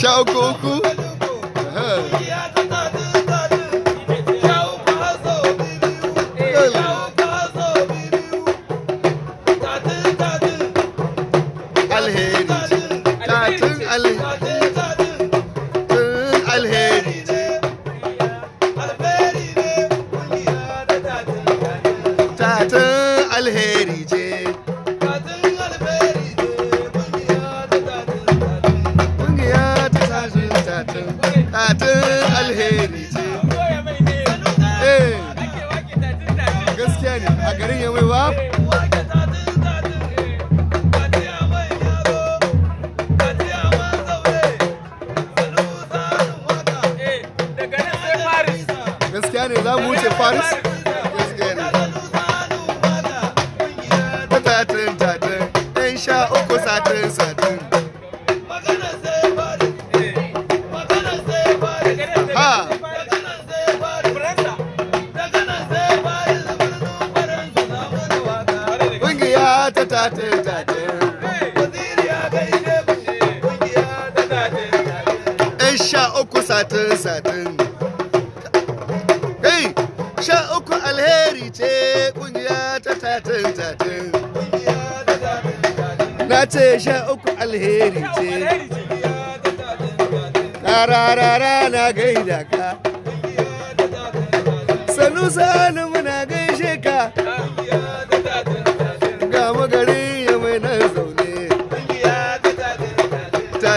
شاو كوكو الهي tatin alheri ce eh, gaskiya ne a garin yamai ba gaskiya ne za mu wuce paris tatin tatin ɗan sha uku satin satin tate tate waziri ya ta sha uku satin satin sha uku alheri ce kungiya ta tatin tatin na ce sha uku alheri ce rararara na gaida ka sanu sanu muna gaishe ka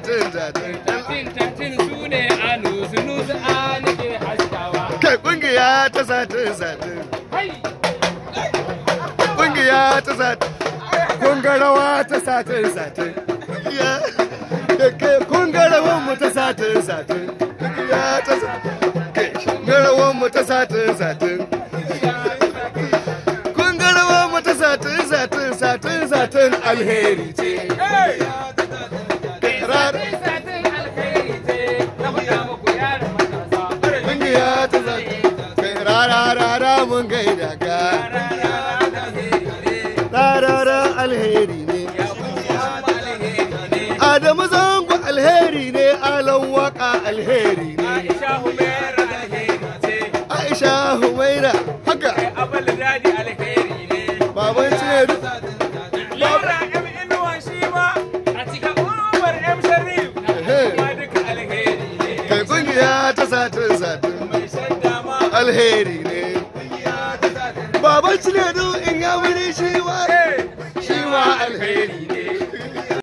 tatin tatin tatin ke kungiya ta kungiya ta kungarawa ta ta kungiya ta ta mu ta satin satin satin satin alheri ce alheri Aisha Humaira alheri ce. Aisha Humaira haka. Kai abal dadi alheri ne. Baban Cinedu. Laura M Inuwa shi ma a cikin Umar M Sharif. Ma duka alheri ne. Kai kungiya ta satin satin. Mai shadda ma. Alheri ne. Baban Cinedu in ya wuri shi wa Shi wa alheri ne.